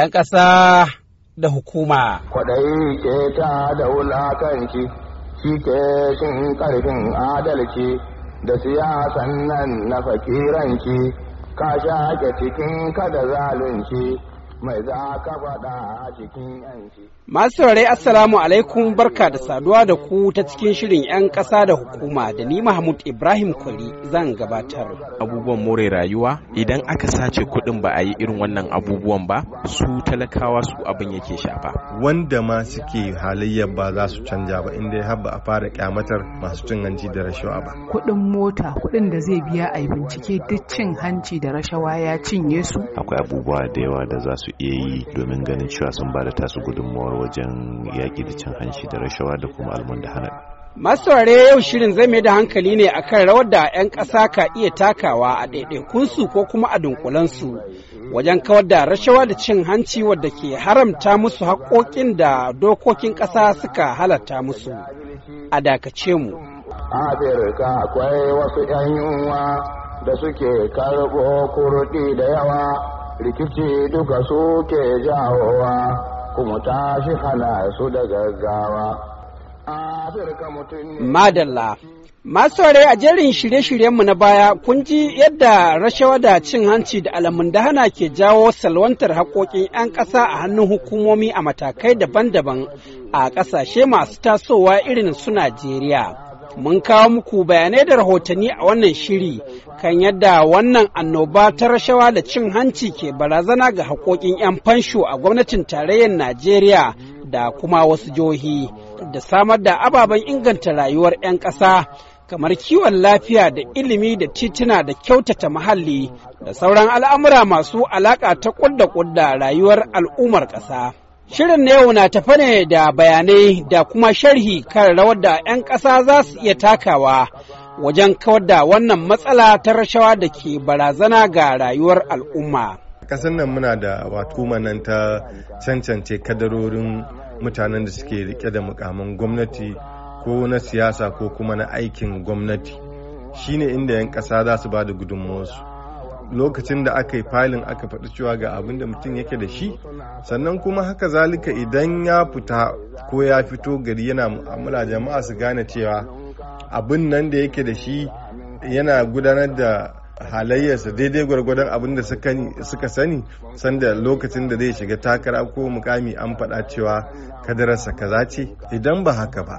'yan ƙasa da hukuma. Kwaɗayi ke ta da wulakanci, shi ke cin ƙarfin adalci da siyasan nan na fakiranci, ka shaƙe cikin da zalunci. mai Masu saurari Assalamu alaikum barka da saduwa da ku ta cikin shirin 'yan ƙasa da hukuma da ni Mahmud Ibrahim Kwari zan gabatar. Abubuwan more rayuwa idan aka sace kuɗin ba a yi irin wannan abubuwan ba su talakawa su abin yake shafa. Wanda ma suke halayyar ba za su canja ba inda ya haɓa a fara kyamatar masu cin hanci da rashawa ba. Kuɗin mota kuɗin da zai biya a yi bincike duk cin hanci da rashawa ya cinye su. Akwai abubuwa da yawa da za su su iya yi domin ganin cewa sun ba da tasu gudunmawar wajen yaƙi da cin hanshi da rashawa da kuma almundahana masaurare yau shirin zai mai da hankali ne akan rawar da 'yan ƙasa ka iya takawa a ɗaiɗaikunsu ko kuma a dunkulensu wajen kawar da rashawa da cin hanci wadda ke haramta musu haƙoƙin da dokokin ƙasa suka halatta musu a dakace mu afirka akwai wasu 'yan yunwa da suke karɓo kurɗi da yawa rikici duka suke jawowa kuma shi hana su da gaggawa Madalla Masore a jerin shirye-shiryenmu na baya kun ji yadda rashawa da cin hanci da alamun hana ke jawo salwantar haƙoƙin 'yan ƙasa a hannun hukumomi a matakai daban-daban a ƙasashe masu tasowa irin su Najeriya. Mun kawo muku bayanai da rahotanni a wannan shiri kan yadda wannan annoba ta rashawa da cin hanci ke barazana ga haƙoƙin 'yan fansho a gwamnatin tarayyar Najeriya da kuma wasu jihohi da samar da ababen inganta rayuwar 'yan ƙasa kamar kiwon lafiya da ilimi da titina da kyautata muhalli da sauran al'amura masu alaƙa ta ƙudda-ƙudda rayuwar al'ummar ƙasa. Shirin na yau na tafa ne da bayanai da kuma sharhi kan rawar da 'yan ƙasa za su iya takawa wajen kawar da wannan matsala ta rashawa da ke barazana ga rayuwar al'umma. Kasan nan muna da watuma nan ta cancance kadarorin mutanen da suke rike da mukamin gwamnati ko na siyasa ko kuma na aikin gwamnati shine inda 'yan ƙasa za su ba da gudunmuwarsu lokacin da aka yi filin aka faɗi cewa ga abin da mutum yake da shi sannan kuma haka zalika idan ya fita ko ya fito gari yana mu'amala jama'a su gane cewa abin nan da yake da shi yana gudanar da halayyarsa daidai gwargwadon abin da suka sani sanda lokacin da zai shiga takara ko mukami an faɗa cewa kadararsa kaza ce idan ba haka ba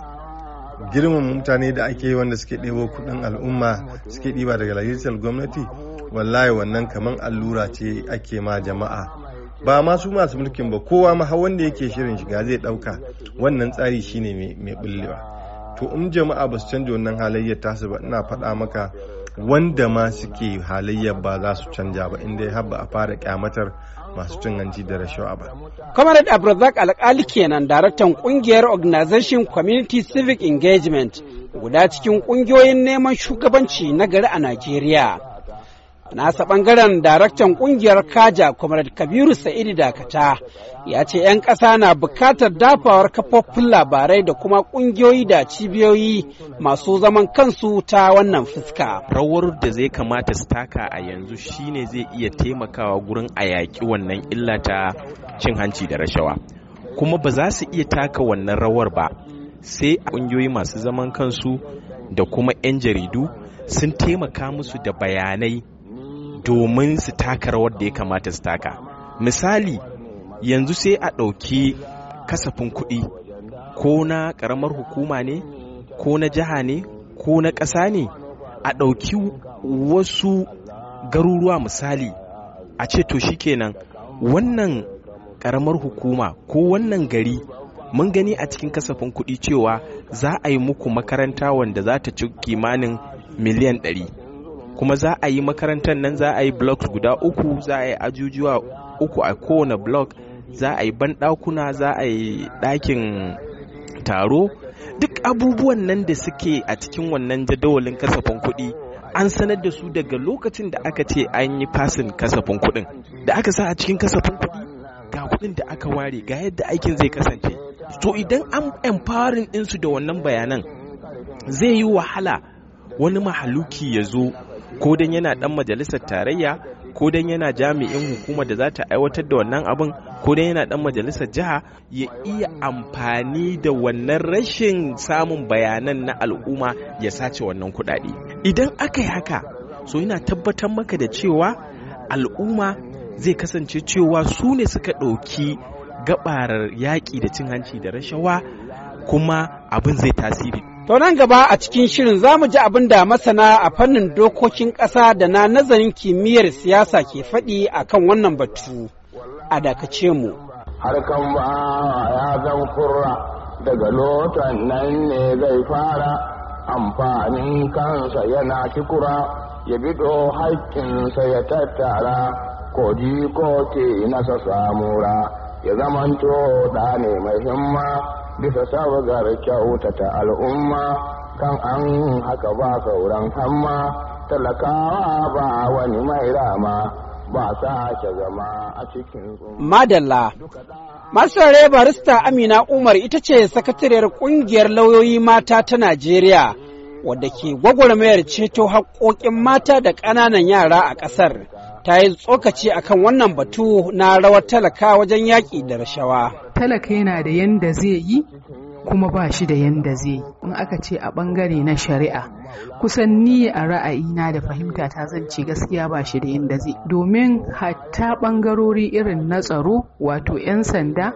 girman mutane da ake yi wanda suke ɗebo kuɗin al'umma suke ɗiba daga lalitar gwamnati wallahi wannan kamar allura ce ake ma jama'a ba ma su masu mulkin ba kowa ma da yake shirin shiga zai ɗauka wannan tsari shine mai bullewa to in jama'a ba su canja wannan halayyar tasu ba ina faɗa maka wanda ma suke halayyar ba za su canja ba inda har ba a fara kyamatar masu cin hanci da rashawa ba. Comrade Abrazak alƙali kenan daraktan ƙungiyar Organization Community Civic Engagement guda cikin ƙungiyoyin neman shugabanci na gari a Najeriya. nasa bangaren daraktan kungiyar kaja comrade kabiru sa'idu dakata ya ce 'yan ƙasa na bukatar dafawar kafofin labarai da kuma ƙungiyoyi da cibiyoyi masu zaman kansu ta wannan fuska rawar da zai kamata su taka a yanzu shine zai iya taimakawa gurin a yaƙi wannan illa ta cin hanci da rashawa kuma ba za su iya taka wannan rawar ba sai ƙungiyoyi masu zaman kansu da kuma 'yan jaridu sun taimaka musu da bayanai domin su taka rawar da ya kamata su taka misali yanzu sai a ɗauki kasafin kuɗi ko na ƙaramar hukuma ne ko na jiha ne ko na ƙasa ne a ɗauki wasu garuruwa misali a ce to kenan, wannan ƙaramar hukuma ko wannan gari mun gani a cikin kasafin kuɗi cewa za a yi muku makaranta wanda za ta ci kimanin miliyan ɗari kuma za a yi makarantar nan za a yi blocks guda uku za a yi ajujuwa uku a kowane block za a yi banɗakuna za a yi ɗakin taro duk abubuwan nan da suke a cikin wannan jadawalin kasafin kuɗi an sanar da su daga lokacin da aka ce an yi fasin kasafin kuɗin da aka sa a cikin kasafin kuɗi ga kuɗin da aka ware ga yadda aikin zai kasance to idan an empowering ɗinsu da wannan bayanan zai yi wahala wani mahaluki ya zo ko dan yana dan majalisar tarayya ko dan yana jami'in hukuma da za ta aiwatar da wannan abin ko dan yana dan majalisar jiha ya iya amfani da wannan rashin samun bayanan na al'umma ya sace wannan kuɗaɗe idan aka yi haka so yana tabbatar maka da cewa al'umma zai kasance cewa su ne suka ɗauki gabarar yaƙi da cin hanci da rashawa kuma abin zai tasiri To nan gaba a cikin shirin za mu ji abin da masana a fannin dokokin ƙasa da na nazarin kimiyyar siyasa ke faɗi a kan wannan batu a dakace mu. Harkan ba ya zan kurra daga lotan nan ne zai fara amfanin kansa yana kikura ya bido haƙƙinsa ya tattara ko ko ke nasa samura ya zamanto da ne mai himma. bisa sabgar kyautata al'umma kan an haka ba sauran hamma talakawa ba wani mai rama ba sake zama a cikin Madalla. Masarare barista Amina Umar ita ce sakatariyar kungiyar lauyoyi mata ta Najeriya wadda ke gwagwarmayar ceto haƙoƙin mata da ƙananan yara a ƙasar. ta yi tsokaci akan wannan batu na rawar talaka wajen yaƙi da rashawa. Talaka yana da yanda zai yi kuma ba shi da yanda zai in aka ce a bangare na shari'a kusan ni a ra'ayina da fahimta ta zance gaskiya ba shi da yanda zai domin hatta bangarori irin na tsaro wato 'yan sanda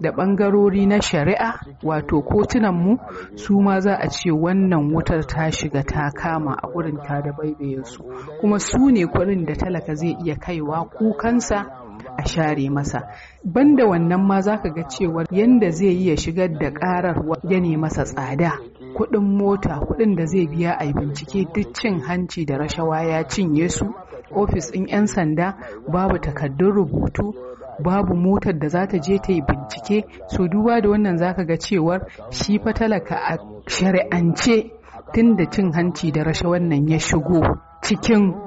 da bangarori na shari'a wato kotunanmu su ma za a ce wannan wutar ta shiga ta kama a gurin ta da baibayensu kuma su ne kwarin da talaka zai iya kaiwa kukansa share masa banda wannan ma za ka ga cewar yadda zai yi ya shigar da karar ya ne masa tsada kuɗin mota kuɗin da zai biya a bincike duk cin hanci da rashawa ya cinye su ofis ɗin 'yan sanda babu takardun rubutu babu motar da za ta je ta yi bincike so duba da wannan za ka ga cewar shi fatalaka a shari'ance tun da cin hanci da rashawan nan ya shigo cikin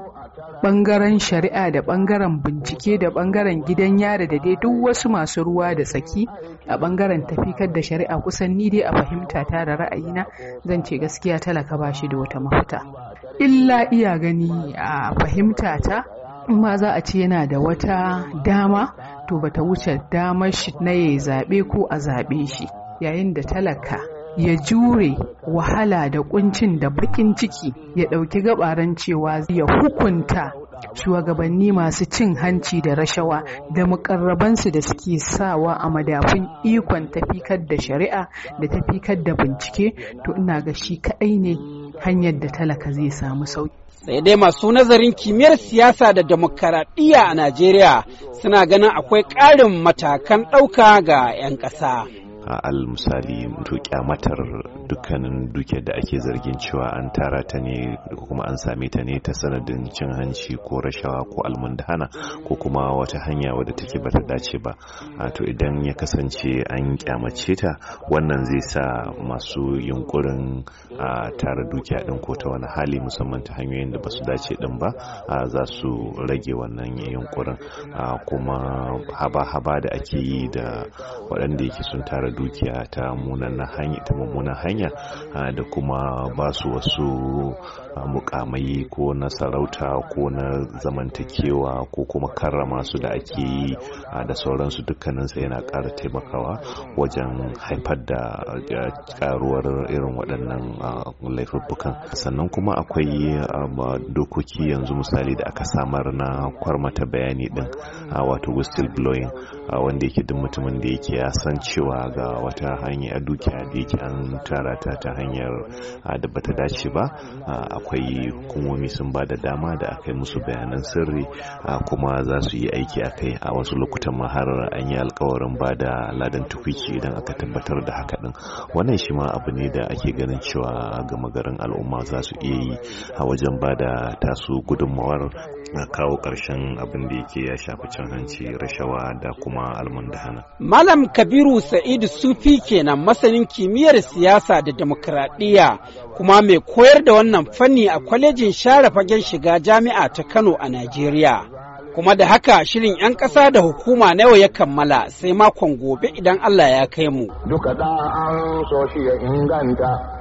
bangaren shari'a da bangaren bincike da bangaren gidan yari da dai duk wasu masu ruwa da tsaki a bangaren tafikar da shari'a kusan ni dai a fahimta ta da ra'ayina zan ce gaskiya talaka ba shi da wata mafita illa iya gani a fahimta ta ma za a ce yana da wata dama to bata wuce damar shi na ya zaɓe ko a zaɓe shi yayin da talaka ya jure wahala da kuncin da bakin ciki ya ɗauki gabaran cewa ya hukunta shugabanni masu cin hanci da rashawa da mukarrabansu da suke sawa a madafun ikon tafikar da shari'a da tafikar da bincike to ina ga shi kaɗai ne hanyar da talaka zai samu sauki. sai dai masu nazarin kimiyyar siyasa da demokaradiyya a najeriya suna ganin akwai ƙarin matakan ɗauka ga 'yan ƙasa. al misali to kyamatar dukkanin duke da ake zargin cewa an tara ta ne kuma an same ta ne ta sanadin cin hanci ko rashawa ko almundahana ko kuma wata hanya wadda take ba ta dace ba to idan ya kasance an kyamace ta wannan zai sa masu yunkurin a tara dukiya din ko ta wani hali musamman ta hanyoyin da ba su dace din ba za su rage wannan yunkurin kuma haba-haba da ake yi da waɗanda yake sun tara dukiya ta hanya mummunan hanya ah, da kuma ba su wasu ah, mukamai ko na sarauta ko na zamantakewa ko kuma karrama su da ake yi ah, da sauransu sai yana ƙara taimakawa wajen haifar da karuwar irin waɗannan laifuffukan sannan kuma akwai dokoki yanzu misali da aka samar na kwarmata bayani din wato whistle blowing wanda yake duk mutumin da yake ya san cewa ga wata a dukiya da yake an tara ta ta hanyar da bata dace ba akwai hukumomi sun ba da dama da aka yi musu bayanan sirri kuma za su yi aiki a kai a wasu lokutan ma har an yi alkawarin ba da ladan tukwici idan aka tabbatar da haka din wannan shi ma abu ne da ake ganin cewa gama garin al'umma za su iya yi a wajen ba da tasu gudunmawar kawo ƙarshen abin da yake ya shafi cin hanci rashawa da kuma almundahana. Malam Kabiru Sa'idu Sufi kenan masanin kimiyyar siyasa da demokradiyya kuma mai koyar da wannan fanni a kwalejin share fagen shiga jami'a ta Kano a Najeriya. kuma da haka shirin 'yan ƙasa da hukuma na yau ya kammala sai makon gobe idan Allah ya kai mu. Duka ɗan an so shi ya inganta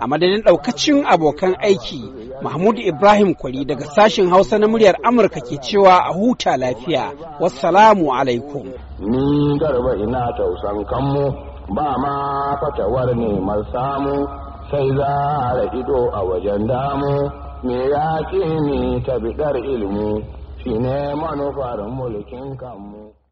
A madadin ɗaukacin abokan aiki, Mahmud Ibrahim Kwari daga sashen Hausa na muryar Amurka ke cewa a huta lafiya. Wassalamu alaikum. Ni garba ina tausan kanmu ba ma fatawar neman samu sai za a ido a wajen damu. Me ya ce ni tabidar ilimi shi ne manufar mulkin kanmu.